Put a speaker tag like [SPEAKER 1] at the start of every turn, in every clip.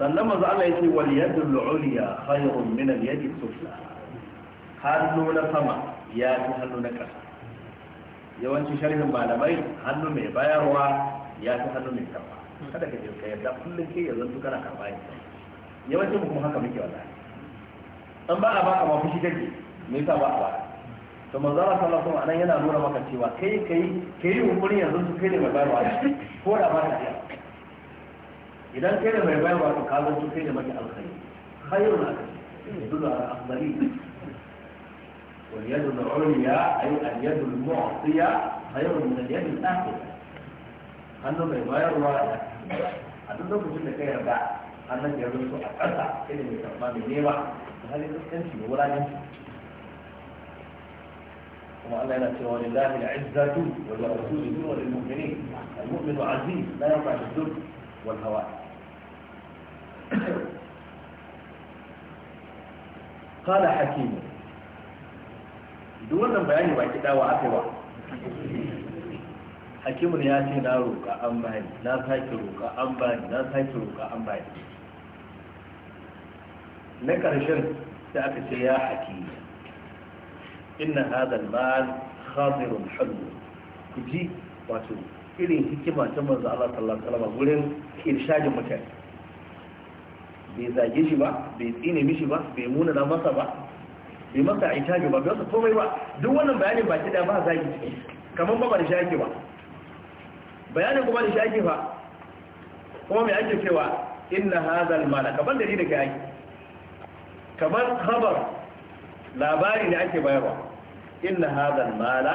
[SPEAKER 1] sannan mazu Allah ya ce wal yadul uliya khayrun min al yadi sufla hannu na sama ya fi hannu na ƙasa yawancin sharhin malamai hannu mai bayarwa ya fi hannu mai karba kada ka jirka yadda kullum ke yanzu zantu kana karba ya yawancin kuma haka muke wata an ba a baka ma fushi kake me yasa ba a baka to manzo Allah sallallahu alaihi wasallam yana nuna maka cewa kai kai kai yi hukurin yanzu su kai ne mai bayarwa ko da ba yi idan kai da mai bayarwa to ka zanto kai da maki alkhairi khairun aka yadullu ala afdali wal yadu al-ulya ay al yadu al-mu'tiya khairun min al yadu al-akhira hannu mai bayarwa a duk lokacin da kai yarda hannun da ya zanto a ƙasa kai da mai karɓa mai nema da halin kaskanci da wulaƙanci كما قال لنا ولله العزة ولرسوله وللمؤمنين المؤمن عزيز لا يرفع الذل والهواء قال حكيم دون wannan bayani ba kidawa اكيوا حكيم يا hakimun ya ce na roƙa an bani na sake roƙa an bani na sake roƙa an bani na ƙarshen sai aka ce ya hakim inna hadal mal ku ji wato irin hikima ta manzo Allah sallallahu alaihi wasallam gurin irshadin mutane bai zage shi ba bai tsine mishi ba bai muna na masa ba bai masa a ita ba bai masa komai ba duk wannan bayanin ba ki da ba zagi ciki kamar ba ba da shaki ba bayanin kuma da shaki ba. kuma mai ake cewa inna hazal mala kamar da ni da kai kamar khabar labari ne ake bayarwa inna hazal mala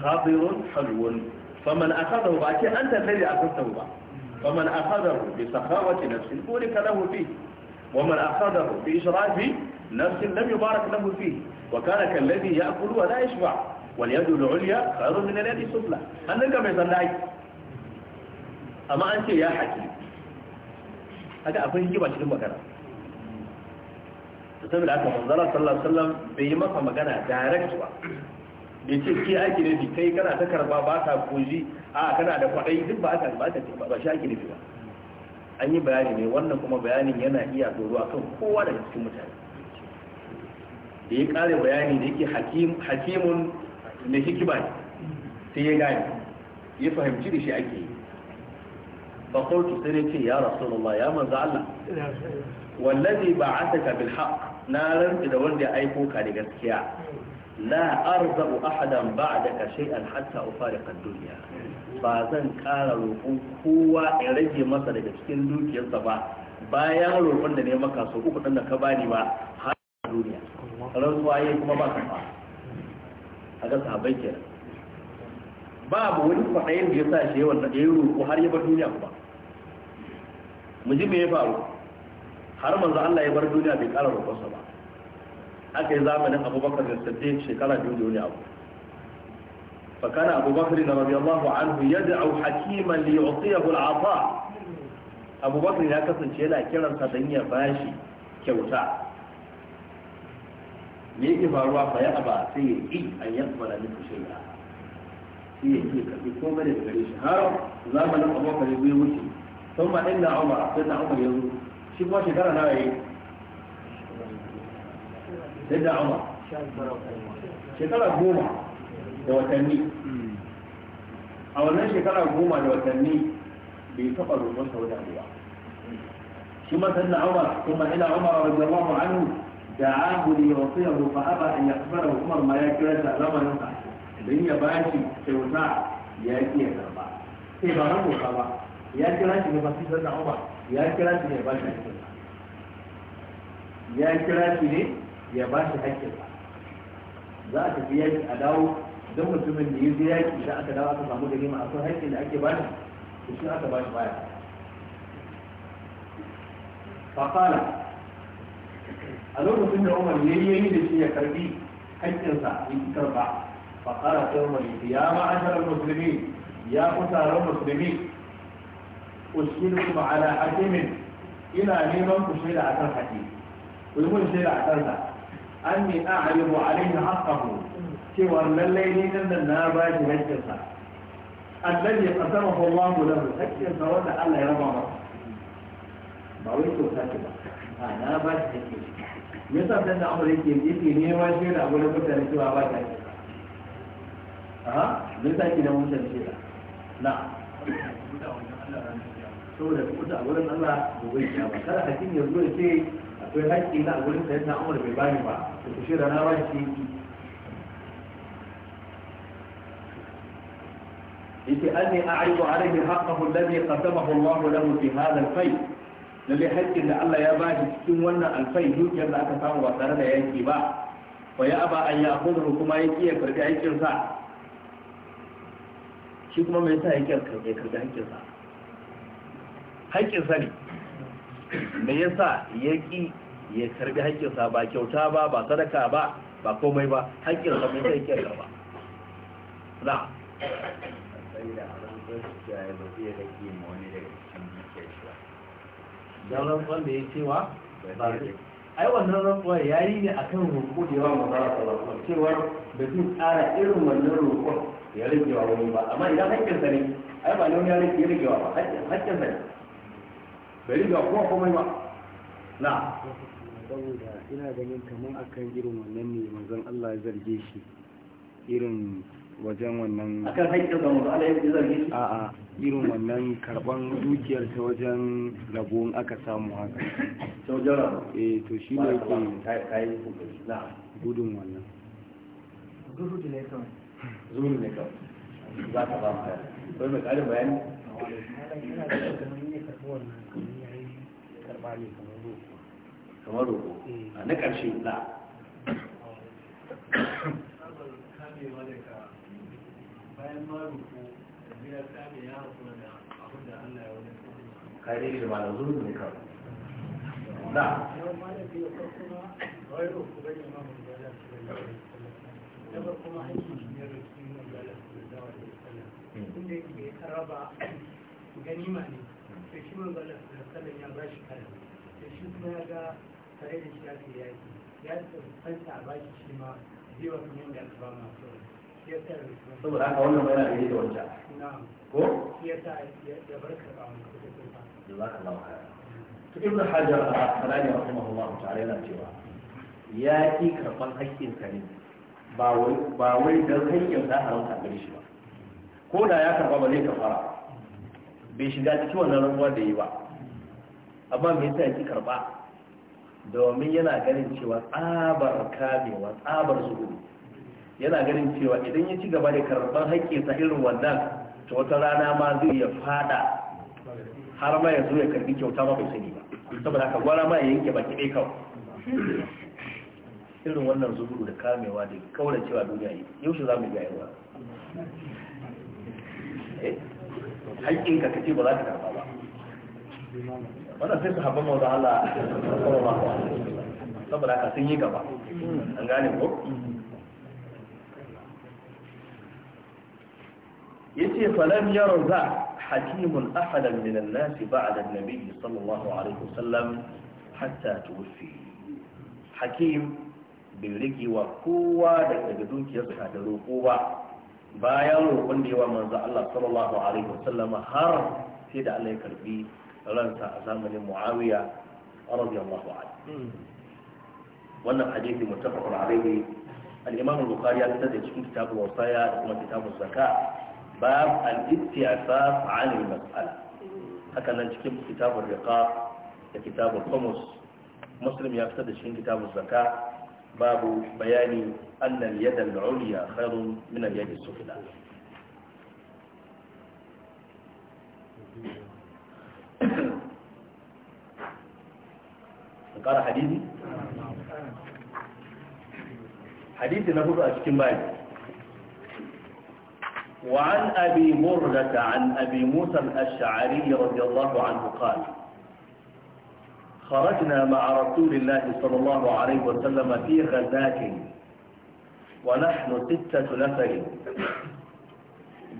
[SPEAKER 1] khabirun halwun faman akhadahu ba ce an tallabi a sa ba فمن أخذه بسخاوة نفس بورك له فيه ومن أخذه بإشراف نفس لم يبارك له فيه وكان كالذي يأكل ولا يشبع واليد العليا خير من اليد السفلى أنك ميزنعي أما أنت يا حكيم هذا أبو يجب أن تكون مكانا تتبع لك منظرة صلى الله عليه وسلم بيما فمكانا دايركت ya ce ke ake ne kai kana ta karba ba ta kuji a kana da kwadai duk ba ta ba ba shi ake ne ba an yi bayani ne wannan kuma bayanin yana iya doro a kan kowa daga cikin mutane da ya kare bayani da yake hakimun da hikima ne sai ya gane ya fahimci da shi ake yi ba kawai sai ne ce ya rasulullah ya manzo Allah wallazi ba'athaka bil haqq na rantsi da wanda ya aiko ka da gaskiya la arzau ahadan ba'daka shay'an hatta ufariqa ad-dunya ba zan ƙara roƙon kowa in rage masa daga cikin dukiyarsa ba bayan roƙon da ne maka so uku ɗan da ka bani ba har duniya rantsuwa yayi kuma ba ka ba? a ga sahabbai kenan babu wani kwaɗayin da ya sa shi yawan da ya roƙo har ya bar duniya ku ba. ji me ya faru har manzo Allah ya bar duniya bai ƙara roƙonsa ba aka yi zamanin abubakar da siddiq shekara biyu da wani abu abubakar فكان أبو بكر رضي الله da يدعو حكيما ليعطيه العطاء أبو abubakar ya kasance yana kiran sa dan ya bashi kyauta me yake faruwa fa ya aba sai ya yi an yi kuma da nufi shi sai ya yi karfi ko mai da gare shi har zamanin abubakar ya wuce sun ma inda umar sai na umar ya zo shi kuma shekara na ya yi
[SPEAKER 2] sai da umar shekara goma da
[SPEAKER 1] watanni a wannan shekara goma da watanni bai taɓa roƙon sau da ba shi masan da umar kuma ila umar radiyallahu anhu da ahu ne wasu yaro fa aba an ya kabara umar ma ya kira ta zamanin sa don ya ba shi kyauta ya ki ya karba sai ba ran boka ba ya kira shi ne ba sai da umar ya kira shi ne ba shi ya kira shi ne ya ba shi hakkin za a tafi yaki a dawo don mutumin da ya je yaki da aka dawo aka samu ganima akwai hakkin da ake ba shi to shi aka ba shi baya fakala a lokacin da umar ya yi da shi ya karbi hakkinsa ya ki karba fakala sai umar ya ce ya ma'asharar musulmi ya fi taron musulmi ushkilukum ala hakimin ina neman ku shaida kan hakim ku yi mun shaida akan sa a a'ridu alayhi haqqahu cewa lallai ni nan na ba shi hakkinsa allazi mu Allah lahu hakkinsa wanda Allah ya raba masa ba wai to sake ba a na ba shi hakkin me yasa dan da amur yake yake ne ma shi da abu da mutane cewa ba shi hakkin a me yasa ki da mutan shi da na
[SPEAKER 2] saboda kuta a wurin Allah gobe ya ba kada a cikin zo ya ce to haƙƙi na a gurin sayar na umar bai bani ba da ku shirya na bashi
[SPEAKER 1] shi yake an ne a aiko a rage haƙƙahu lalle qasamahu Allah lahu fi halar fai na bai haƙƙin da Allah ya bashi cikin wannan alfai dukiyar da aka samu ba tare da yanki ba wa ya ba an ya'khudhu kuma ya kiyaye karbi aikin sa shi kuma mai sa ya kiyaye karbi aikin sa haƙƙin sa ne me yasa yaki ya karbi haƙƙinsa ba kyauta ba ba sadaka ba ba komai ba haƙƙinsa mai sai kyauta ba na don rantsuwan da ya cewa ai wannan rantsuwar ya yi ne a kan roƙo da yawa mazara sallallahu cewar da zai tsara irin wannan roƙon ya rage wa wani ba amma idan haƙƙinsa ne ai ba ne wani ya rage wa ba haƙƙinsa ne bai ga kuma komai ba na saboda ina ganin kamar akan irin wannan ne manzon Allah ya zarge shi irin wajen wannan akan haƙƙi da manzon Allah ya zarge shi a a irin wannan karban dukiyar ta wajen rabo aka samu haka ta wajen rabo eh to shi ne yake kai na gudun wannan gudun ne kawai zuwa ne kawai za ka ba mu kai mai ƙarin bayani karba ne kamar roƙo
[SPEAKER 2] kamar roƙo eh. a na ƙarshe na
[SPEAKER 1] bayan da ne kawai na hmm. kuma da sallan ya ba shi kare da shi kuma ya ga kare da shi ya tsanta a bashi shi ma kuma yadda aka ba masu saboda haka wannan bai na da wancan ko ya bar karɓa wani kuɗin kuɗin ba jazakallahu khairan to ibnu hajar a asqalani rahimahullahu ta'ala yana cewa ya ƙi karɓar haƙƙin ka ne ba wai don wai dan haramta gare shi ba ko da ya karɓa ba zai kafara bai shiga cikin wannan rabuwar da yi ba amma me yasa yake karba domin yana ganin cewa tsabar kamewa tsabar zuhuri yana ganin cewa idan ya ci gaba da karban ta irin wannan to wata rana ma zai ya fada har ma ya zo ya karbi kyauta ma bai sani ba saboda haka gwara ma ya yanke baki ɗaya kawai irin wannan zuhuru da kamewa da kawai cewa duniya yi yaushe za mu ga yawa eh, haƙƙinka ka ce ba za ka karba ba wannan sai su haɓar mazu Allah sallallahu alaihi wasallam saboda haka sun yi gaba an gane ko yace falam yarza hakimun ahadan min an-nas ba'da an-nabi sallallahu alaihi wasallam hatta tuwfi hakim bai rike wa kowa daga dukiyarsa da roƙo ba bayan roƙon da yawa manzo Allah sallallahu alaihi wasallam har sai da Allah ya karbi ransa a zamanin muawiya radiyallahu anhu hmm. wannan hadisi muttafaqun alayhi al-imam al-bukhari ya fitar da cikin kitabu wasaya da kuma kitabu zakka bab al-ittifaq 'ala al-mas'ala haka nan cikin kitabu riqaq da kitabu khumus muslim ya fitar da cikin kitabu zakka babu bayani anna al-yad al-'ulya khairun min al-yad as-sufla hmm. in ƙara hadisi hadisi na hudu a cikin bayan وعن أبي مرة عن أبي موسى الأشعري رضي الله عنه قال خرجنا مع رسول الله صلى الله عليه وسلم في غزاة ونحن ستة نفر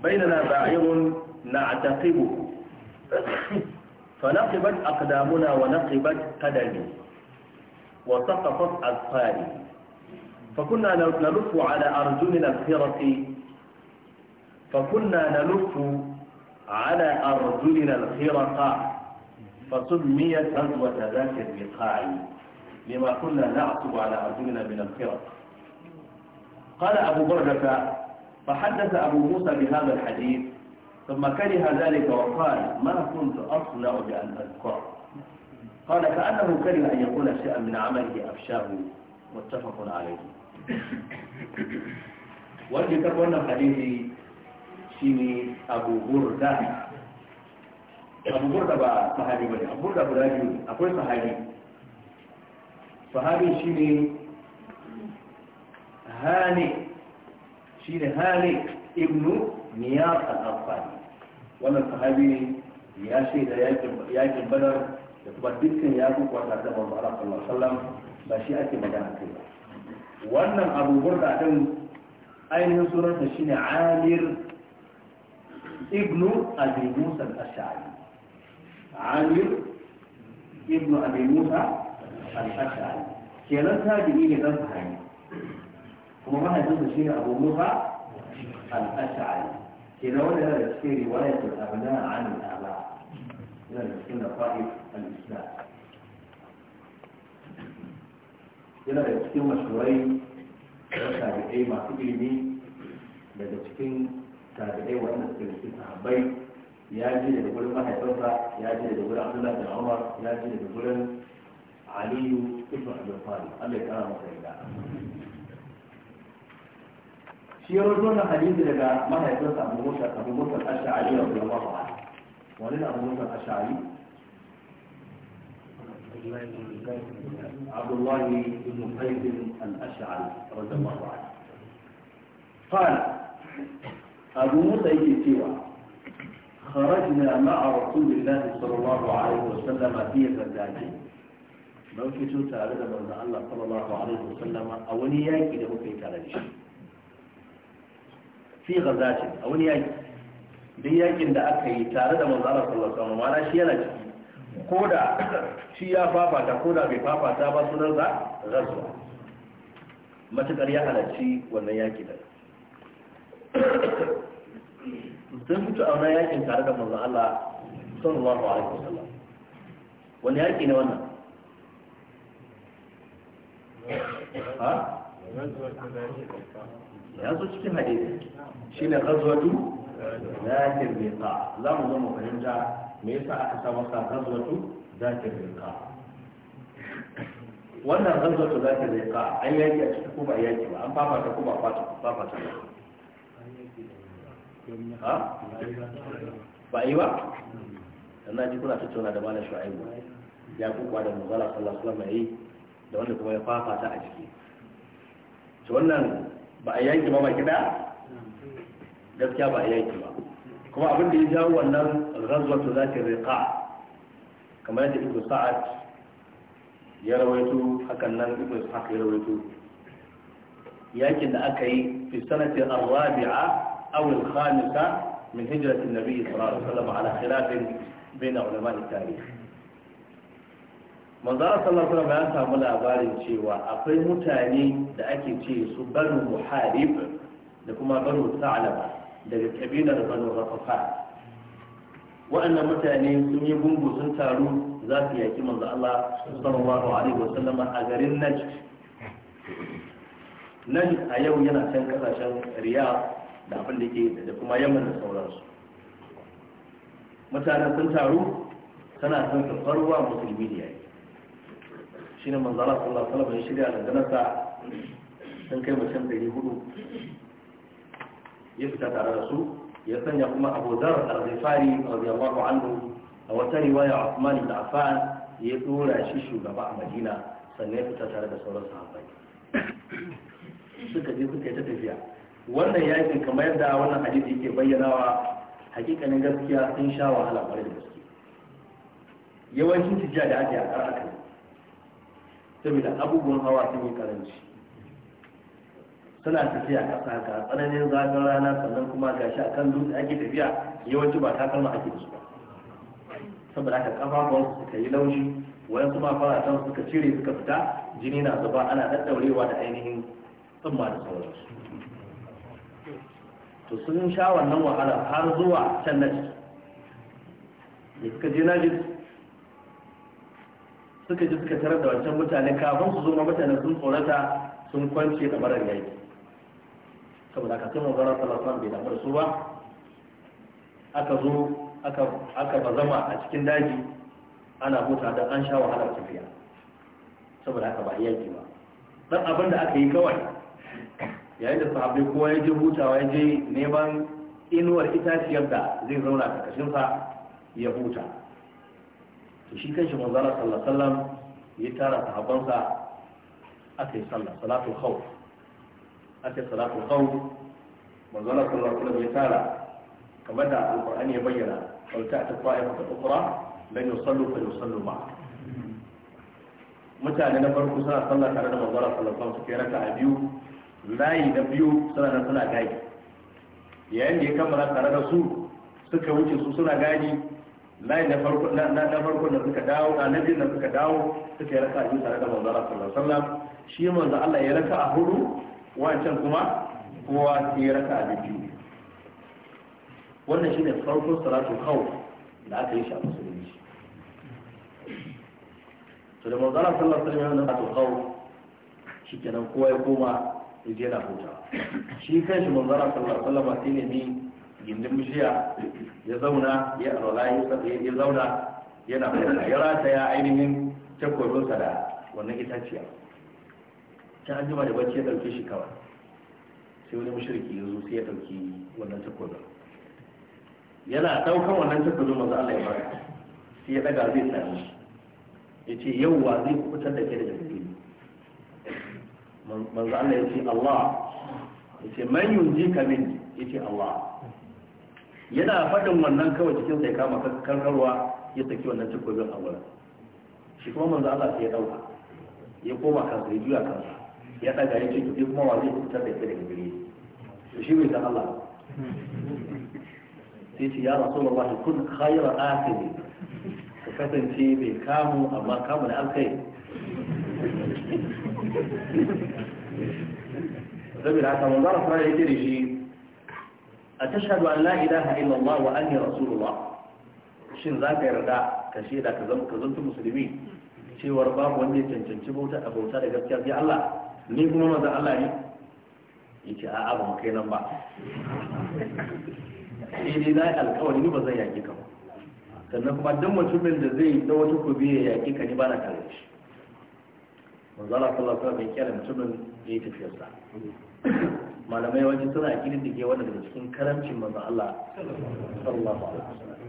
[SPEAKER 1] بيننا بعير نعتقبه فنقبت أقدامنا ونقبت قدمي وسقطت أذقاني فكنا نلف على أرجلنا الخرق فكنا نلف على أرجلنا الخرق فسميت غزوة ذاك الرقاع لما كنا نعصب على أرجلنا من الخرق قال أبو برجة فحدث أبو موسى بهذا الحديث ثم كره ذلك وقال ما كنت أصنع بأن أذكره قال فأنه كره أن يقول شيئا من عمله أفشاه متفق عليه وأنه كبيرنا حديثي شيني أبو بردا أبو بردا با صحابي بني أبو بردا براجي أبو صحابي صحابي شيني هاني شيني هاني ابن نياط الأطفال
[SPEAKER 2] وأنا صحابي يا شيخ يا ابن بدر da kuma dukkan ya ku kwata da manzo Allah sallallahu alaihi wasallam ba shi ake magana
[SPEAKER 1] kai ba wannan Abu Burda din ainihin sunansa shine Amir ibn Abi Musa al-Ash'ari Amir ibn Abi Musa al-Ash'ari kenan tabi'i ne dan sahabi kuma mahaifinsa shine Abu Musa al-Ash'ari kenan wanda yana da cikin riwayar da abna an al من خلفاء الإسلام yana da cikin mashurai da tabi'ai masu ilimi daga cikin tabi'ai wanda suka da cikin sahabbai ya ji daga gurin mahaifinsa ya ji daga gurin abdullah bin umar ya ji daga gurin aliyu ibn abi talib Allah ya kara masa yarda shi ya rawaito wannan hadisi daga mahaifinsa abu musa abu musa al-ash'ari radiyallahu anhu ولن أبو موسى الأشعري عبد الله بن قيد الأشعري رضي الله عنه قال أبو موسى سوى خرجنا مع رسول الله صلى الله عليه وسلم في فتاتي ممكن شو تعرف أن الله صلى الله عليه وسلم أولياء إلى مكة في غزاة أولياء duk yakin da aka yi tare da manzana sallallahu mana shi yana ciki ko da shi ya fafata ko da bai fafata ba sunan za rasuwa matukar ya halarci wannan yaki da sun fito a wannan yakin tare da manzan Allah sallallahu alaihi wasallam wani yaki ne wannan ha ya zo cikin hadisi shine ghazwatu zakin riqa za mu zama fahimta me yasa aka sa masa ghazwatu zakin riqa wannan ghazwatu zakin riqa an yaki a cikin kuma yaki ba an fafa ta kuma fata fafa ta ha ba yi ba sannan ji kuna tattauna da malam shu'aibu ya kuka da manzala sallallahu alaihi wasallam yayi da wanda kuma ya fafa ta a ciki to wannan ba a yanki ba ba kida gaskiya ba yaki ba kuma abin da ya jawo wannan ghazwatu zati riƙa kamar yadda ibnu sa'ad ya rawaito hakan nan ibnu sa'ad ya rawaito yakin da aka yi fi sanati ar-rabi'a aw al-khamisa min hijrati an-nabi sallallahu alaihi wasallam ala khilafin bain ulama at-tarikh manzara sallallahu alaihi wasallam ya samu labarin cewa akwai mutane da ake ce su banu muharib da kuma banu sa'laba daga kabilar banu rafafa waɗannan mutane sun yi gungu sun taru za su yaki manzo Allah sallallahu alaihi wasallam a garin Najd
[SPEAKER 2] nan a yau yana can kasashen Riyadh da abin da ke
[SPEAKER 1] da kuma yamma da sauransu mutane sun taru tana son karfarwa musulmi ne yayi shine manzo Allah sallallahu alaihi wasallam ya shirya da ganasa sun kai mutum 400 ya fita tare da su ya sanya kuma Abu Dharr al-Ghifari radiyallahu anhu a wata riwaya Uthman ibn Affan ya dora shi shugaba a Madina sannan ya fita tare da sauran sahabbai suka je suka yi ta tafiya wannan yakin kamar yadda wannan hadisi yake bayyanawa hakikanin gaskiya sun sha wahala kwarai da gaske yawancin tijja da ake a kar saboda abubuwan hawa sun yi karanci suna tafiya a ƙasa ga tsananin zafin rana sannan kuma ga shi akan dutse ake tafiya yawanci ba takalma ake da su ba saboda haka su suka yi laushi kuma ma faratan suka cire suka fita jini na zuba ana daddaurewa da ainihin tsumma da sauransu to sun sha wannan wahala har zuwa can najis da suka je najis suka ji suka tarar da wancan mutane kafin su zo ma mutane sun tsorata sun kwance da marar yaki saboda ka kai mabara sallallahu bai damu da su ba aka zo aka zama a cikin daji ana huta da an sha wahalar tafiya saboda haka ba yaki ba dan abin da aka yi kawai
[SPEAKER 2] yayin da sahabbai kowa ya je hutawa ya je neman inuwar itaciyar da zai zauna a
[SPEAKER 1] ƙarƙashinsa ya huta to shi shi manzara sallallahu alaihi ya tara sahabbansa aka yi sallah salatul khawf aka salatu qaum manzo Allah kula alaihi wasallam ya tara kamar da alqur'ani ya bayyana ta aw ta'ta qa'ifatu ukhra lan yusallu fa yusallu ma mutane na farko suna sallah tare da manzo Allah sallallahu alaihi wasallam suke a biyu layi na biyu suna nan suna gaji. yayin da ya kammala tare da su suka wuce su suna gaji. layi na farko da suka dawo a na da suka dawo suka yi raka'a biyu tare da manzo Allah sallallahu shi manzo Allah ya raka'a hudu wancan kuma kowa sai ya raka biyu wannan shine farkon salatu kawo da aka yi shi a musulunci to da manzara sallallahu alaihi wasallam da salatu kawo shikenan kowa ya koma ya je na huta shi kanshi manzara sallallahu alaihi wasallam sai ne ni gindin bishiya ya zauna ya alwala ya zauna yana ya rataya ainihin takwabinsa da wannan itaciya ta an jima da bacci ya ɗauke shi kawai sai wani mushriki ya zo sai ya ɗauki wannan takobin yana ɗaukan wannan takobin masu Allah ya baka sai ya ɗaga zai sami shi ya ce yauwa zai kubutar da ke da jirgi manzo Allah ya ce Allah ya ce man yunji ka min ya ce Allah yana faɗin wannan kawai cikin sai kama kankarwa ya saki wannan takobin a wurin shi kuma manzo Allah sai ya ɗauka ya koma kansa ya juya kansa ya ɗaga ya ce kuɗi kuma wa zai fitar da ke daga gari to shi bai san Allah sai ce ya rasu da wahi kun khayra akili ka kasance bai kamu amma kamu da alkai saboda haka manzo Allah fara yake da shi a tashhadu an la ilaha illallah wa anni rasulullah shin za ka yarda ka shaida ka zama ka zanta musulmi cewar babu wanda ya cancanci bauta a bauta da gaskiya sai Allah ni kuma manzan Allah ne ce a'a abu kai nan ba sai dai na yi alkawari ni ba zan yaƙi ka sannan kuma don mutumin da zai da wata kobe ya yaƙi ka ni ba na kare shi manzala sallallahu alaihi bai kyara mutumin ya yi tafiyarsa malamai wajen suna akidin da ke wanda daga cikin karamcin manzan Allah sallallahu alaihi wasallam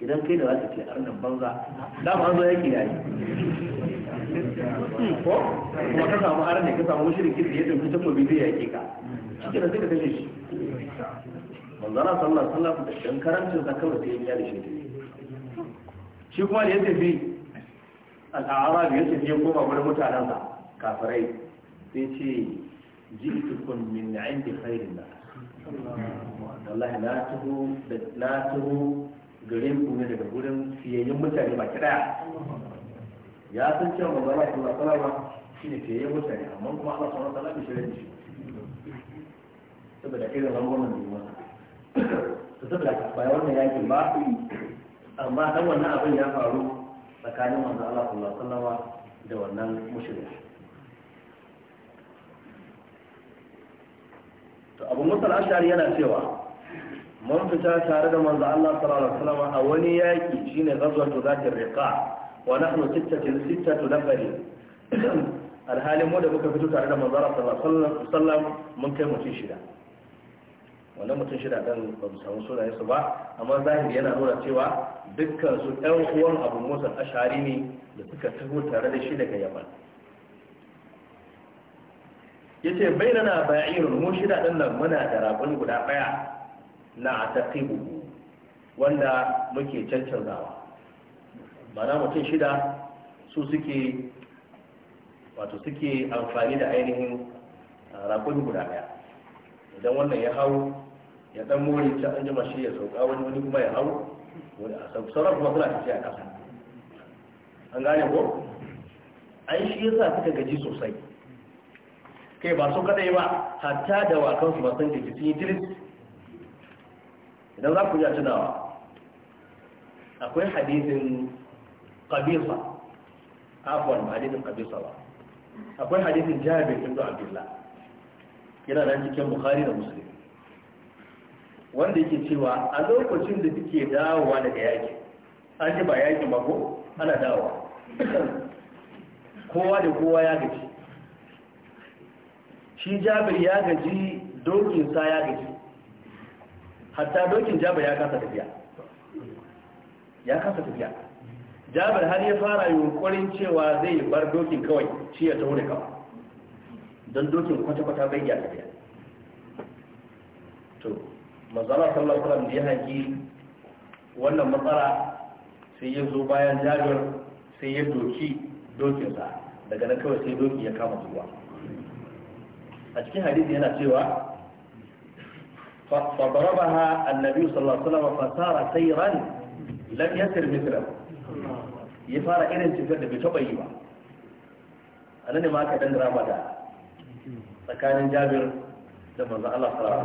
[SPEAKER 1] idan kai da za ka ce arnan banza dama an zo yaƙi yayi Hmm, ko kuma ka samu arne ka samu mushrikin da yadda dauki tabbabi zai yake ka shi da sai ka kashe shi manzana sallallahu alaihi wasallam dan karancin sa kawai sai ya da shi shi kuma da ya tafi al'arabi ya tafi ya koma gurin mutanen sa kafirai sai ce ji'tukum min 'indi khairin nas wallahi na tuhu na tuhu gare ku ne daga gurin siyayyen mutane baki daya ya san cewa manzo Allah sallallahu alaihi shi ne ke yi mutane amma kuma Allah sallallahu alaihi wasallam shirye shi saboda irin rangon da yi masa to saboda ba wannan yaki ba amma dan wannan abin ya faru tsakanin manzo Allah sallallahu alaihi da wannan mushriki to abu musul ashari yana cewa mun fita tare da manzo Allah sallallahu alaihi wasallam a wani yaki shine ghazwatu zatir riqa wa nahnu sittatin sittatu nafari alhalin mu da muka fito tare da manzara sallallahu alaihi wasallam mun kai mutum shida wannan mutum shida dan ba mu samu sunayen su ba amma zahiri yana nuna cewa dukkan su ɗan uwan abu musa ashari ne da suka taho tare da shi daga yaman yace bainana ba'irun mu shida din nan muna da rabon guda daya na ataqibu wanda muke cancanzawa mana mutum shida su suke wato suke amfani da ainihin
[SPEAKER 2] ah, rakun guda daya
[SPEAKER 1] idan wannan ya hau ya dan more ta an jima shi ya sauka wani wani kuma ya hau wani a sauran kuma suna tafiya kasa an gane ko an shi yasa suka gaji sosai kai ba su kadai ba hatta da wakan su ba san gaji sun yi tilis idan za ku ji a tunawa akwai hadisin qabisa afwan ba hadisin qabisa ba akwai hadithin jabir ibn abdullah yana nan cikin bukhari da muslim wanda yake cewa a lokacin da kike dawowa daga yaki an ji ba yaki ba ko ana dawowa kowa da kowa ya gaji shi jabir ya gaji dokinsa ya gaji hatta dokin jabir ya kasa tafiya ya kasa tafiya jabir har ya fara yunkurin cewa zai bar dokin kawai shi ya taure kawa don dokin kwata-kwata bai ya tafiya to mazala sallallahu alaihi wasallam ya haƙi wannan matsala sai ya zo bayan jabir sai ya doki dokinsa daga nan kawai sai doki ya kama zuwa a cikin hadisi yana cewa فضربها النبي صلى الله عليه وسلم فسار سيرا لم يسر مثله ya fara irin cutar da bai taɓa yi ba a nan ne ma aka dandara da tsakanin jabir da manzan Allah fara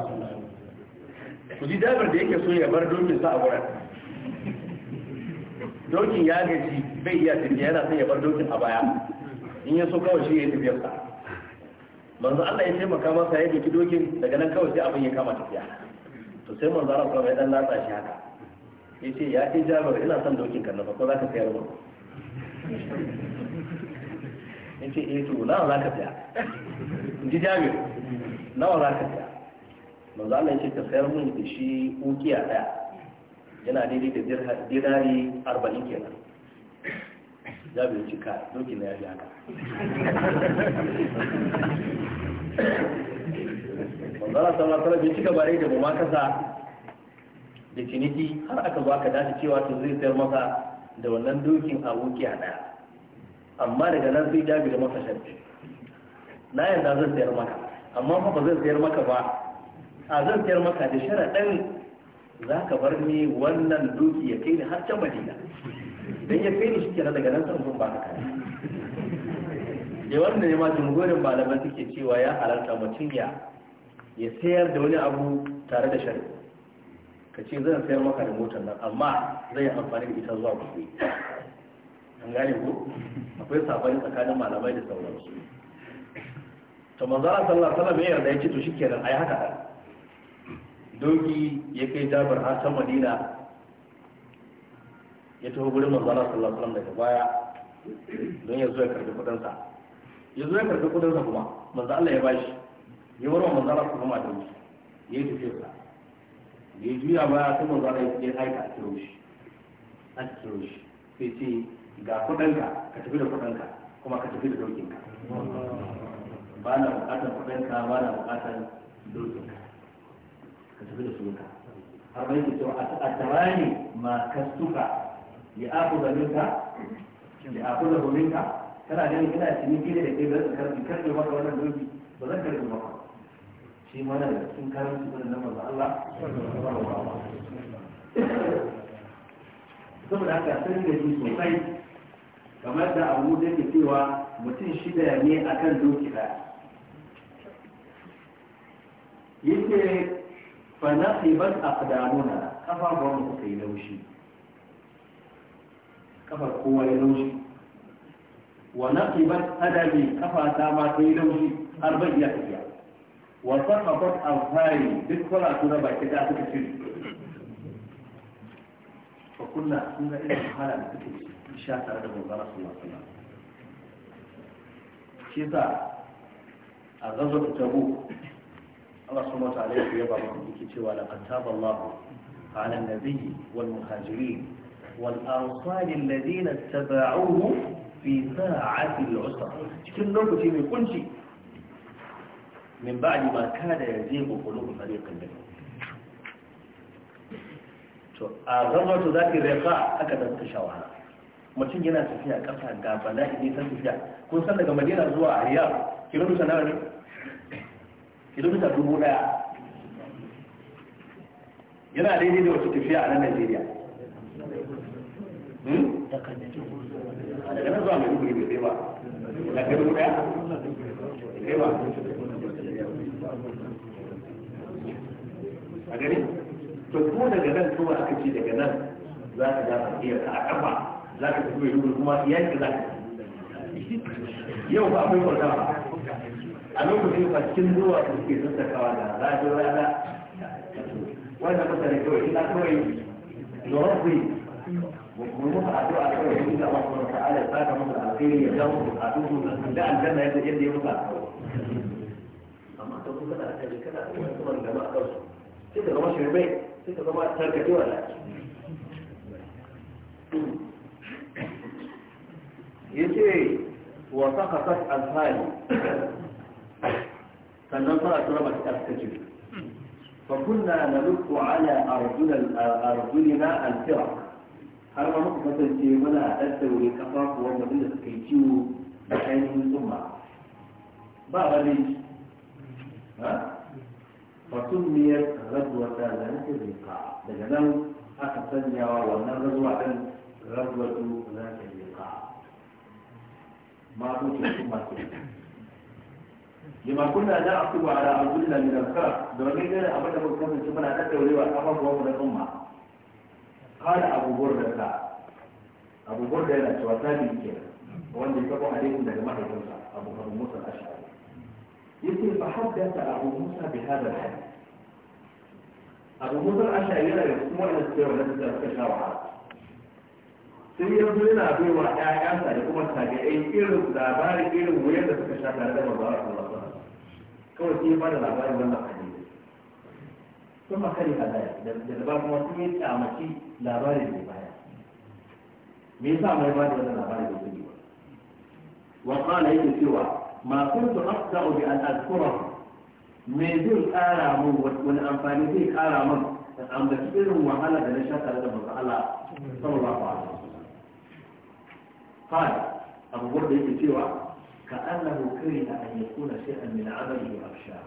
[SPEAKER 1] ku ji jabir da yake so ya bar dokin sa a wurin dokin ya gaji bai iya tafiya yana son ya bar dokin a baya in ya so kawai shi ya yi sa manzan Allah ya taimaka masa ya doki dokin daga nan kawai sai abin ya kama tafiya to sai manzan Allah ya dan latsa shi haka ya ce ya ce jabar ina son dokin kan nafa ko za ka sayar ba ya ce eh to nawa za ka saya in ji jabir nawa za ka saya ba za ya ce ka sayar mun da shi ukiya daya yana daidai da dirari arba'in kenan jabir ya ce ka dokin na ya fi haka manzo sama sallallahu alaihi wasallam ya da mu da ciniki har aka zo aka dace cewa to zai sayar masa da wannan dokin a wukiya daya amma daga nan sai jabi da masa sharfi na yanda zan sayar maka amma fa ba zan sayar maka ba a zan sayar maka da sharaɗin za ka bar ni wannan duki ya kai ni har can madina don ya kai ni shi kenan daga nan sun ba ka kai da wannan ne ma jumhurin malaman suke cewa ya halarta mutum ya sayar da wani abu tare da shari'a ka ce zan sayar maka da motar nan amma zai yi amfani da ita zuwa kuɗi an gane ko akwai sabani tsakanin malamai da sauransu to manzo Allah sallallahu alaihi wasallam ya yarda yace to shikenan ai haka dogi ya kai jabar har ta Madina ya taho gurin manzo Allah sallallahu alaihi wasallam daga baya don ya zo ya karbi kudin sa ya zo ya karbi kudin sa kuma manzo Allah ya bashi ya warwa manzo Allah kuma da wasallam da ya tafi sa ne juya ba sai manzo Allah ya aika a kiro shi a kiro shi sai ce ga kudanka ka tafi da kudanka kuma ka tafi da dokinka ba na bukatar kudanka ba na bukatar dokinka ka tafi da sunka har bai ke cewa a tarani ma kastuka ya aku da minka ya aku da minka kana ganin ina ciniki da kai zan karfi karbe maka wannan doki ba zan karfi maka
[SPEAKER 2] shi mana da cikin karin cikin na manzo Allah
[SPEAKER 1] saboda haka sun da shi sosai kamar da abu da ke cewa mutum shida ne akan doki daya yake fa naqibat aqdamuna kafa ba suka yi laushi kafa kowa ya laushi wa naqibat adabi kafa ta ma kai laushi har ban iya tafiya وسقطت أظهاري بالكرة كنا بكتاء تكتير فقلنا كنا إلى الحالة تكتير إشاء ترد مبارك صلى الله عليه وسلم شيطا الغزوة تبوك الله سبحانه وتعالى يبقى بكتير ولقد تاب الله على النبي والمهاجرين والأوصال الذين اتبعوه في ساعة العسر كل لوكتي في كل شيء min ba ka da ba'di ma kana yazibu qulubu fariqin minhum to a zama to zaki riqa aka da ta shawara mutum yana tafiya kasa ga bala'i ne ta tafiya ko san daga madina zuwa riyadh kilomita nawa ne kilomita dubu daya yana daidai da wata tafiya a nan Najeriya.
[SPEAKER 2] Daga nan zuwa mai rubuni bai ba. Daga rubuni ɗaya? Bai ba.
[SPEAKER 1] a gani to ko daga nan kuma aka ce daga nan za ka ga ka a kafa za ka tafi mai kuma iya ka za ka
[SPEAKER 2] yau ba mai kwalta ba
[SPEAKER 1] a lokacin faskin zuwa da suke sassakawa da rajin rana wannan mutane kawai na kawai zuwa su yi ومنوح ya أدعو a yadda ta sai ka zama shirme sai ka zama tarkace wa ya ce wa saka kas alfani sannan fara tura masu tarkace فكنا نلف على أرجل أرجلنا الفرق har ma muka kasance muna daddaure kafafuwan mutum da suka yi ciwo da ainihin tsumma ba wani fasumiyar raguwata da nake zika daga nan aka sanyawa wannan raguwa ɗin raguwatu na ke zika masu cikin masu lima kuna da a kuma ala abdulla min alka domin gani abin da muka kasance muna da daurewa kafa ko kuma umma kada abu burda ka abu burda yana cewa tabi ke wanda ya kafa hadisin daga mahaifinsa abu kabu musa ashi yake fa haddasa abu musa bi hada hadith abu musa ashari yana da kuma wanda wannan da sai ya zo yana bai wa ƴaƴansa da kuma tabi'ai irin labarin irin wuyar da suka sha tare da manzo Allah sallallahu kawai sai ba da labarin wannan hadisi kuma kare hadaya da da ba kuma sun yi kyamaci labarin ne baya me yasa mai ba da wannan labarin da yake wa qala yake cewa ma kuntu aqta'u bi an azkura me zai kara mun wani amfani zai kara mun da ambaci irin wahala da na sha tare da manzo Allah sallallahu alaihi wasallam fa abu gurbe yake cewa ka annahu kariha an yakuna shay'an min amalihi afsha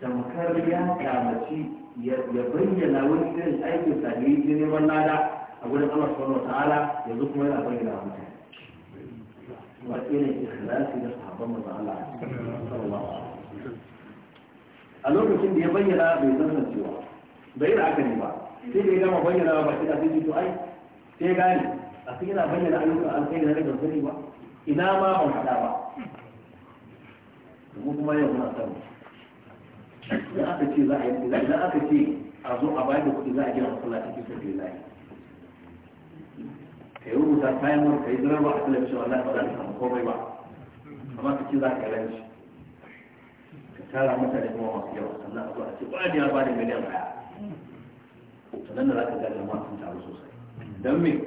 [SPEAKER 1] tamkar ya kamaci ya bayyana wani irin aikin sa ne neman lada a gurin Allah subhanahu wa ta'ala yanzu kuma yana bayyana mutane da a lokacin da ya bayyana bai cewa bai da aka ne ba sai da gama bayyana ba sai da sai ai sai gane a cikin yana bayyana na sani ba ina ma ban ba mu kuma yau muna idan aka ce za a yi idan aka ce a zo a bayar da kuɗi za a gina masallaci cikin ya lafiya ka yi rubuta kayan wani ka yi zirar ba a talabishin wallahi ba za ka samu komai ba amma ka ce za ka yi ka tara mutane kuma masu yawa sannan a zo a ce ba da ba da miliyan daya sannan da za ka gane ma sun taru sosai don me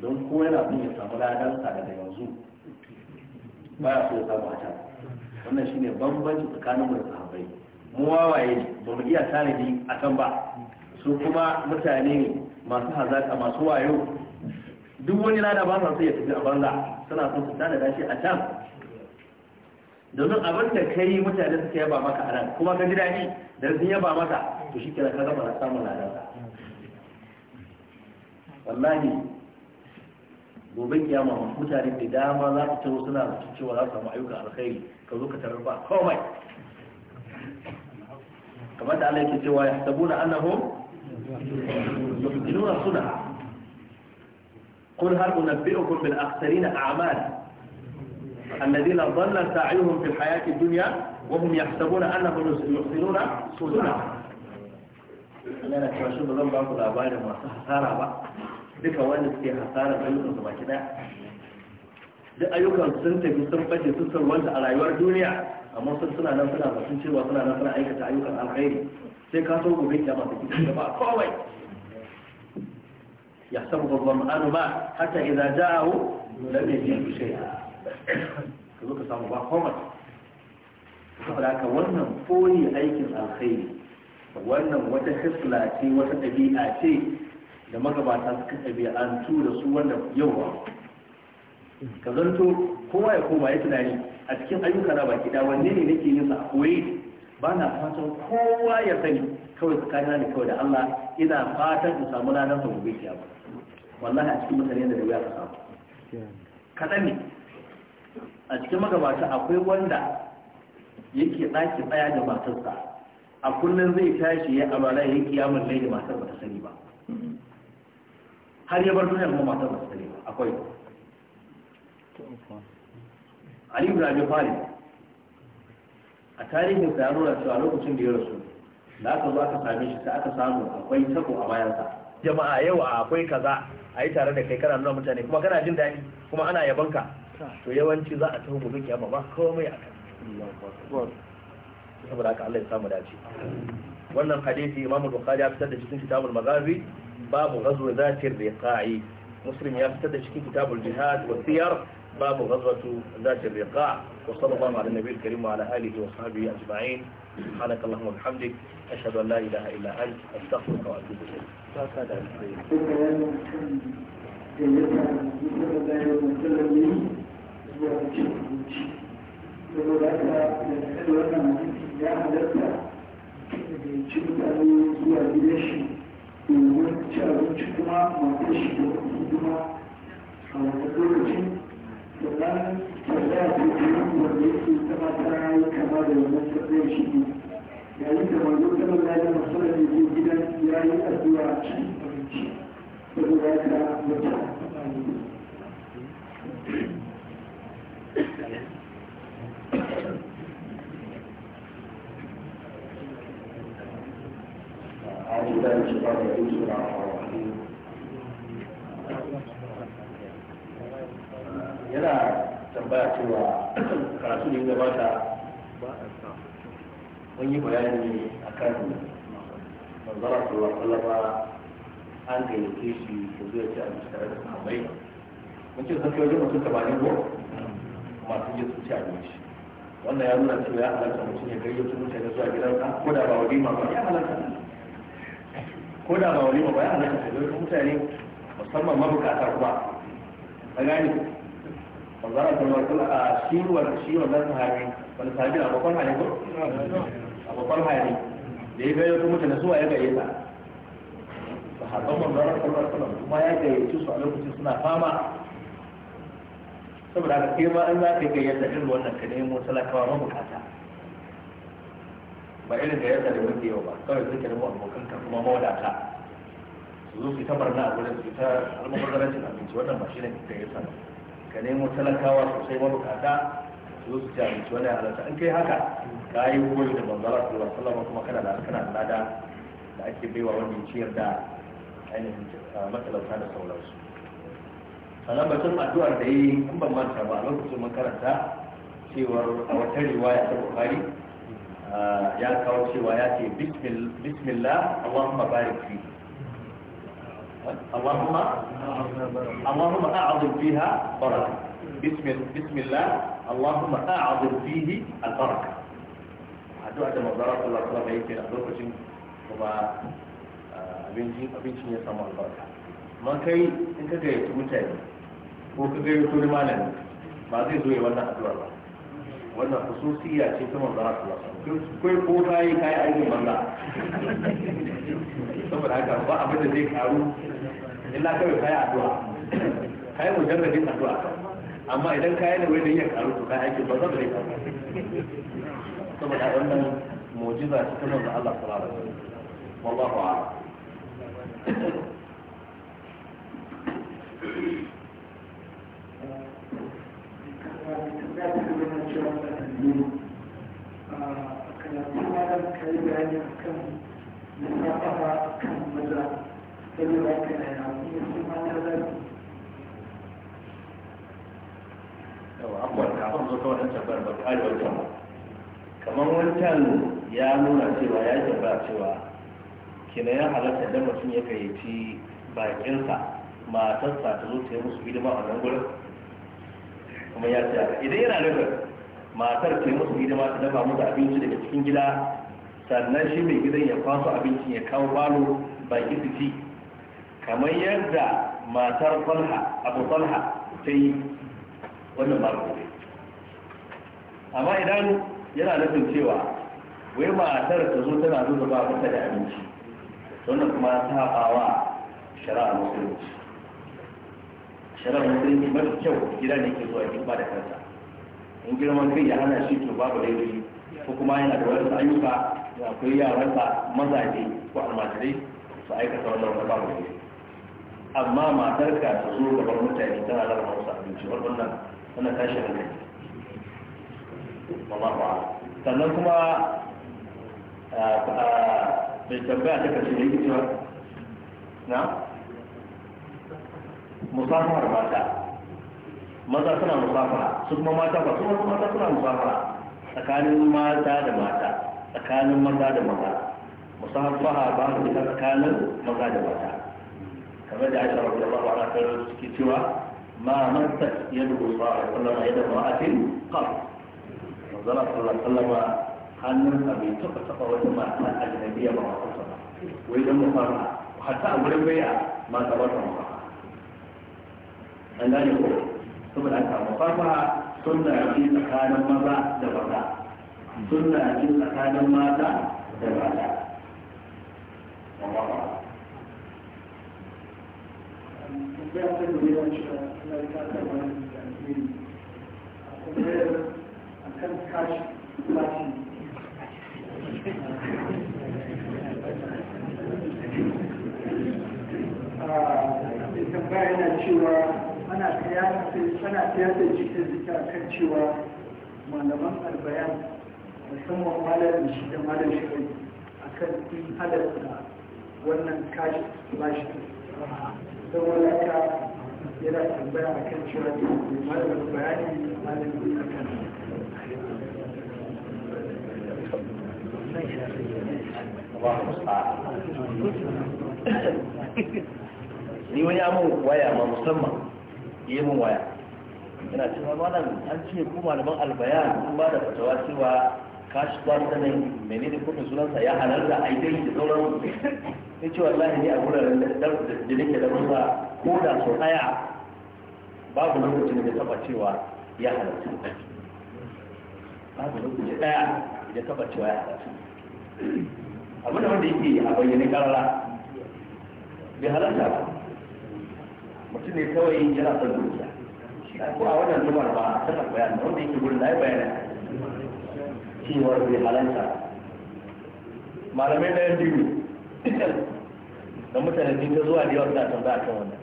[SPEAKER 1] don kowa yana son ya samu ladansa daga yanzu ba ya so ya samu a can wannan shine bambanci tsakanin mu da sahabbai mu wawaye ne ba mu iya tanadi a kan ba su kuma mutane ne masu hazaka masu wayo duk wani lada ba sa sai ya tafi a banza suna son su tana shi a can domin abin da kai mutane suka yaba maka a nan kuma ka ji daɗi da sun yaba maka to shi kira ka gama na samun ladan wallahi gobe kiyama mutane da dama za su tawo suna da cewa za su samu ayyukan alkhairi ka zo ka tarar ba komai kamar da Allah yake cewa ya sabuna annahum yuhdinuna sunna قل هل أنبئكم بالأخسرين أعمال الذين ضل سعيهم في الحياة الدنيا وهم يحسبون أنهم يحسنون صنعا Allah na cewa shi ba zan ba ku labarin masu hasara ba duka wanda suke hasara ayyukan su baki daya duk ayyukan sun tafi sun baje sun sarwanta a rayuwar duniya amma sun suna nan suna batun cewa suna nan suna aikata ayyukan alkhairi sai ka so gobe kiyama ta kike ba kowai يحسبه الظمآن ماء حتى إذا جاءه لم يجده شيئا كذلك سامو با كومت saboda haka wannan koyi aikin alkhairi wannan wata hisla ce wata ɗabi'a ce da magabata suka ɗabi'antu da su wanda yau ba ka zanto kowa ya koma ya tunani a cikin ayyuka na baki da wanne ne nake yin sa a koyi ba na fatan kowa ya sani kawai tsakanina ne kawai da Allah ina fatan in samu ranar sa gobe kiyama wallahi a cikin mutane da riwaya ka samu kaɗan ne a cikin magabata akwai wanda yake ɗaki tsaya da matarsa a kullum zai tashi ya amara ya yi yamin lai da matar ba ta sani ba har ya bar duniya kuma matar ba ta sani ba akwai Ali ibn Abi Talib a tarihin sa ya nuna cewa lokacin da ya rasu da aka zo aka same shi sai aka samu akwai tabo a bayansa jama'a yau akwai kaza a yi tare da kai kana nuna mutane kuma kana jin daɗi kuma ana yabonka to yawanci za a taho gobe kiyama ba komai a kan saboda haka Allah ya samu dace wannan hadisi Imam Bukhari ya fitar da cikin kitabul Maghazi babu ghazwa zatir riqa'i Muslim ya fitar da cikin kitabul Jihad wa Siyar باب غزوة ذات الرقاع وصلى الله على النبي الكريم وعلى آله وصحبه أجمعين سبحانك اللهم وبحمدك أشهد أن لا إله إلا أنت أستغفرك وأتوب إليك.
[SPEAKER 2] Thank you. sannan tambaya ta taba kama da wannan tambayar shi ne yayin da manzo sallallahu alaihi ya yi Thank you. tambaya cewa karatu da ya gabata
[SPEAKER 1] mun yi bayani a kan manzara cewa kwallaba an gayyace shi ko zuwa ci a tare da sahabbai mun ce sun kai wajen mutum tamanin ko masu je su ci abinci wannan ya nuna cewa ya halarta mutum ya gayyace mutane zuwa gidansa ko da ba walima ba ya halarta ko da ba walima ba ya halarta mutane musamman mabukata kuma a gane manzara ta ma kula a shi wannan shi wannan sahabi wani sahabi na bakon hali ko a bakon hali da ya gaya kuma tana suwa ya gaye ta sahabban manzara ta ma kuma ya gayyace su a lokacin suna fama saboda haka kai ma an za ka gayyata irin wannan ka nemo talakawa mabukata ba irin da yadda da muke yau ba kawai suke da abokan kuma mawadata su zo su ta barna a gurin su ta almubazarancin abinci wannan ba shi ne ka nemo talakawa sosai mabukata su su jami su wani halatta an kai haka ka yi koyi da banzara su wa sallama kuma kana da kana da lada da ake baiwa wanda ya ciyar da ainihin matalauta da sauransu sannan batun addu'ar da yi in ban manta ba a lokacin mun karanta a wata riwaya ta bukari ya kawo cewa ya ce bismillah allahumma barik fihi اللهم اللهم أعظم فيها بركة بسم, بسم الله اللهم أعظم فيه البركة addu'a da manzara sallallahu alaihi wasallam yake a lokacin kuma abincin abincin ya samu albarka man kai in ka gayyaci mutane ko ka gayyaci wani malami ba zai zo ya wannan addu'a ba wannan hususiya ce ta manzara Allah kai ko ta yi kayi aikin manza saboda haka ba abin da zai karu illa kawai kai addu'a kai mujarradin addu'a amma idan kayi da wani yin karu to kai aikin manza da zai karu
[SPEAKER 2] saboda wannan
[SPEAKER 1] mu'jiza ce ta manzara Allah sallallahu alaihi wasallam wallahu a'lam ya kamar wancan ya nuna cewa ya yi ba cewa kina ya halatta da mutum ya kayyaci bakinsa matarsa ta zo ta yi musu hidima a nan gurin kuma ya ce idan yana nufin matar ta yi musu hidima ta dafa musu abinci daga cikin gida sannan shi mai gidan ya kwaso abincin ya kawo balo baki su ci kamar yadda matar talha abu talha ta yi wannan bako ne amma idan yana nufin cewa wai matar ta zo tana zo ba mata da abinci wannan kuma saɓawa shara'a musulunci shara'a musulunci mafi kyau gida ne ke zuwa girma da kansa in girman kai ya hana shi to babu laifi ko kuma yana da wani ayyuka akwai yaran ka mazaje ko almajirai su aikata wannan wani babu ne amma matar ka su zo gaban mutane tana da wasu abinci wannan tana tashi da kai ba ba sannan kuma bai tambaya ta kashe da ikiciwa na musafar mata maza suna musafara su kuma mata ba su mata suna musafara tsakanin mata da mata tsakanin maza da maza musafaha ba su ita tsakanin maza da mata kamar da aisha rabbi Allah wa ta suke cewa ma man ta yadu sallallahu alaihi yadda ma'atin qab manzala sallallahu alaihi wasallam hannun sa bai taba taba wata mata a ajnabiya ba wata ba wai dan mafara hatta a gurin bayya ma ta wata musafaha an gane ko saboda haka musafaha sunna ne tsakanin maza da maza sunna a cikin tsakanin mata da mata
[SPEAKER 2] akan kashi yana cewa ana tiyata ana tiyata cikin zika kan cewa malaman albayan musamman malam shi da malam shirin akan in halatta wannan kashi ba shi don wadata yana tambaya a kan cewa ne malamin bayani malamin a kan
[SPEAKER 1] ni wani amin waya ma musamman yi min waya yana cewa malam an ce ku malaman albayan kun ba da fatawa cewa kashi ba ta nan menene kuma sunansa ya halarta a yi dai da sauran ya ce wallahi ne a wuraren da nake da rusa ko da sau daya babu lokacin da taba cewa ya halarta babu lokacin daya da taba cewa ya halarta abin da wanda yake a bayyane karara bai halarta ba mutum ne kawai yana son dukiya ko a wannan zubar ba ta bayan wanda yake gurin da ya bayanin cewar bai halanta malamai na yan biyu da mutane sun ta zuwa da yawa za tambaya kan wannan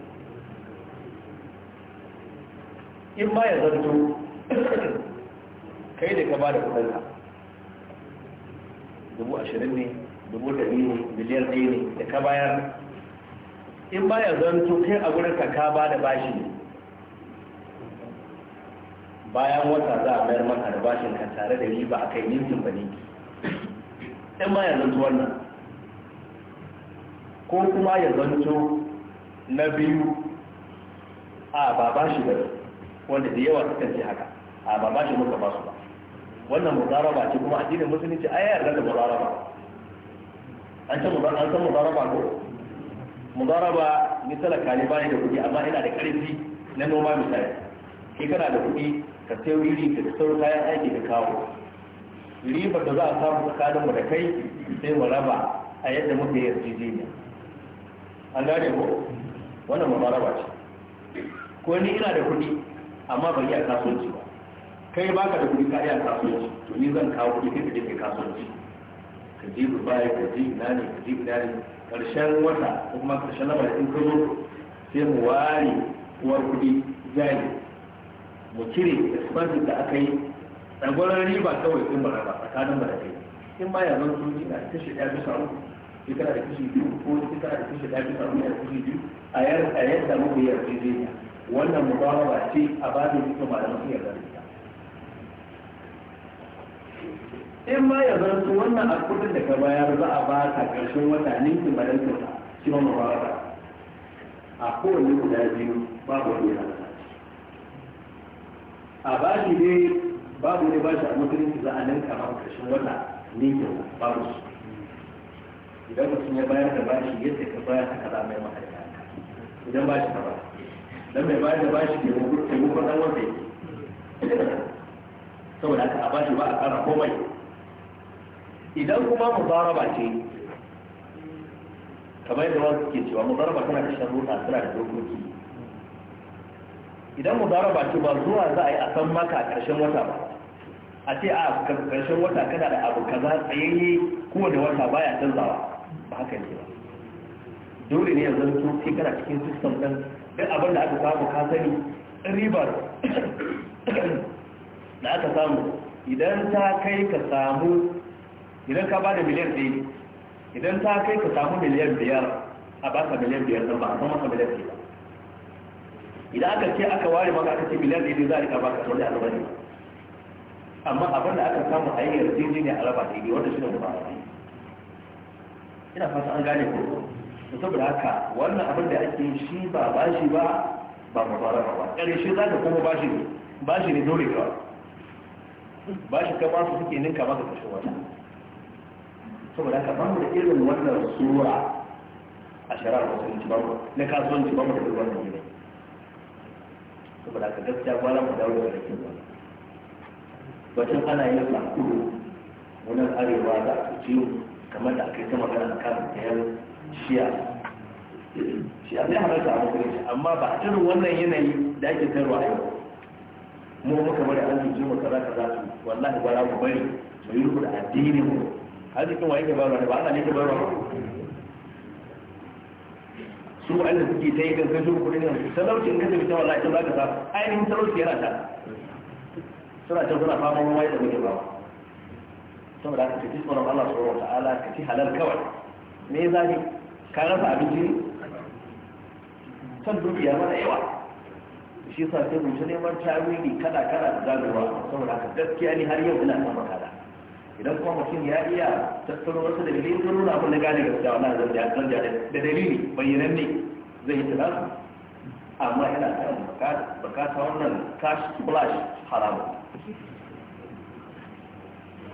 [SPEAKER 1] in ma ya zarto kai da ka ba da kudanka dubu ashirin ne dubu ɗari ne miliyan ɗaya ne da ka bayar in ba ya zarto kai a gurinka ka ba da bashi ne bayan wata za a mayar maka da bashin ka tare da riba a kai ninkin ba ninki in ma ya zanto wannan ko kuma ya zanto na biyu a ba bashi ba wanda da yawa sukan ce haka a ba bashi muka ba su ba wannan mudaraba ce kuma addinin musulunci a ya yarda da mudaraba an san mudaraba ko mudaraba ni talaka ne bani da kuɗi amma ina da ƙarfi na noma misali kai kana da kuɗi ka sai wuri ka sauran kayan aiki ka kawo ribar da za a samu tsakanin mu da kai sai mu raba a yadda muka yi yarjejeniya an gane ko wannan maraba ce ko ni ina da kuɗi amma ban iya kasuwanci ba kai baka da kuɗi ka iya kasuwanci to ni zan kawo kuɗi kai ka je kai kasuwanci ka ji baya ka ji ina ne ka ji ina ne Karshen wata ko kuma karshen lamarin in ka zo sai mu ware uwar kuɗi jari mu cire expenses da aka yi tsagwaron riba kawai sun bara ba tsakanin ba da kai in ma yanzu sun ji a kashe ɗaya bisa uku sai da kashe biyu ko sai da kashe ɗaya bisa uku da kashe biyu a yar a yadda muku yi yarjejeniya wannan ba ce a da duka malaman da garinta in ma ya zanto wannan a kudin da ka bayar za a ba ka ƙarshen wata ninkin balantarsa shi ma mubawa a kowane guda biyu babu wani yana a bashi ne babu ne bashi a mutunci za a nan ma karshen wata ninkin babu su idan mutum ya bayar da bashi yadda ka bayar haka za mai maka idan bashi ka ba dan mai bayar da bashi ne mutu ke mutu dan wanda yake saboda haka a bashi ba a kara komai idan kuma mu ba ce kamar yadda wasu ke cewa ba tana da sharuɗa tana da dokoki idan mudaraba ce ba zuwa za a yi a san maka ƙarshen wata ba a ce a ƙarshen wata kana da abu kaza tsayayye kowane wata baya canzawa ba haka ne ba dole ne yanzu to sai kana cikin system ɗin duk abin da aka samu ka sani ribar da aka samu idan ta kai ka samu idan ka ba da miliyan ɗaya idan ta kai ka samu miliyan biyar a baka miliyan biyar don ba a san maka miliyan biyar idan aka ce aka ware maka aka ce miliyan ɗaya za a rika baka sau da alaba ne amma abin da aka samu a yi yarjejeniya alaba ne wanda shi ne ba a ina fasa an gane ko saboda haka wannan abin da ake shi ba bashi ba ba mabara ba ƙare shi za ka koma bashi ne bashi ne dole ka bashi ka ba su suke ninka maka kashe wata saboda haka ba mu da irin wannan sura a shara'a musulunci ba mu na kasuwanci ba mu da irin wannan saboda ka gaskiya gwara mu dawo da rikin ba bacin ana yin na Wani arewa da a ci kamar da aka yi ta magana kan tayar shiya shiya zai halarta a musulunci amma ba a irin wannan yanayi da ake tarwa yau mu kamar da an zuci mu kaza kaza su wallahi gwara mu bari mu yi rubuta addinin mu har jikin wa yake barwa ba ana ne ke barwa su wanda suke ta yi gangan su kudin nan talaucin kasa fita tawa ita za ka sa ainihin talauci yana ta suna ta suna fama ruwa da muke ba saboda ka ci tsoron Allah subhanahu ta'ala ka ci halal kawai me za ni ka rasa abinci san dubiya mana yawa shi sa sai mu neman tawili kada kada da zagawa saboda ka gaskiya ni har yau ina sama kada idan kuma mutum ya iya tattaro wasu dalilai sun nuna abin da gane gaskiya wannan zarja zarja da dalili bayyanan ne zai yi tunan amma yana kan bukata wannan cash splash haramu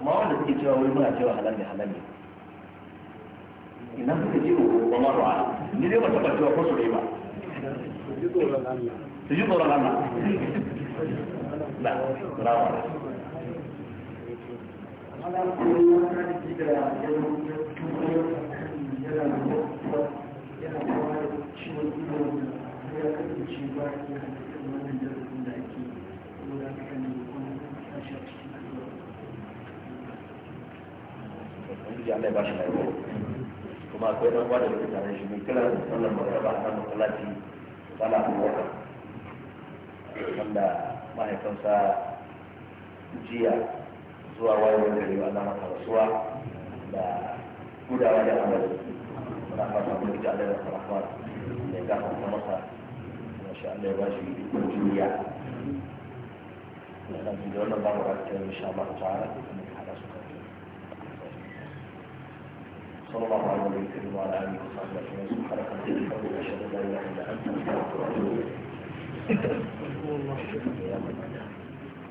[SPEAKER 1] kuma wanda suke cewa wai muna cewa halal ne halal ne idan suka ce wa oh, marwa ni dai ba taɓa cewa ko su ne ba su ji tsoron Allah
[SPEAKER 2] na rawa Allah ya bashi lafiya
[SPEAKER 1] kuma akwai ɗan uwa da ke tare shi mai kira da sallar magana a kan masallaci bala abubuwa wanda mahaifinsa jiya zuwa wayewar gari wa zama karasuwa da gudawa da amari muna fata mu da Allah da rahama da ga kuma masa insha Allah ya bashi juriya wannan da wannan babu rakiyar insha Allah ta'ala kuma hada su kan صلى da على النبي الكريم وعلى اله وصحبه اجمعين سبحانك اللهم وبحمدك اشهد ان لا اله الا انت استغفرك واتوب
[SPEAKER 2] اليك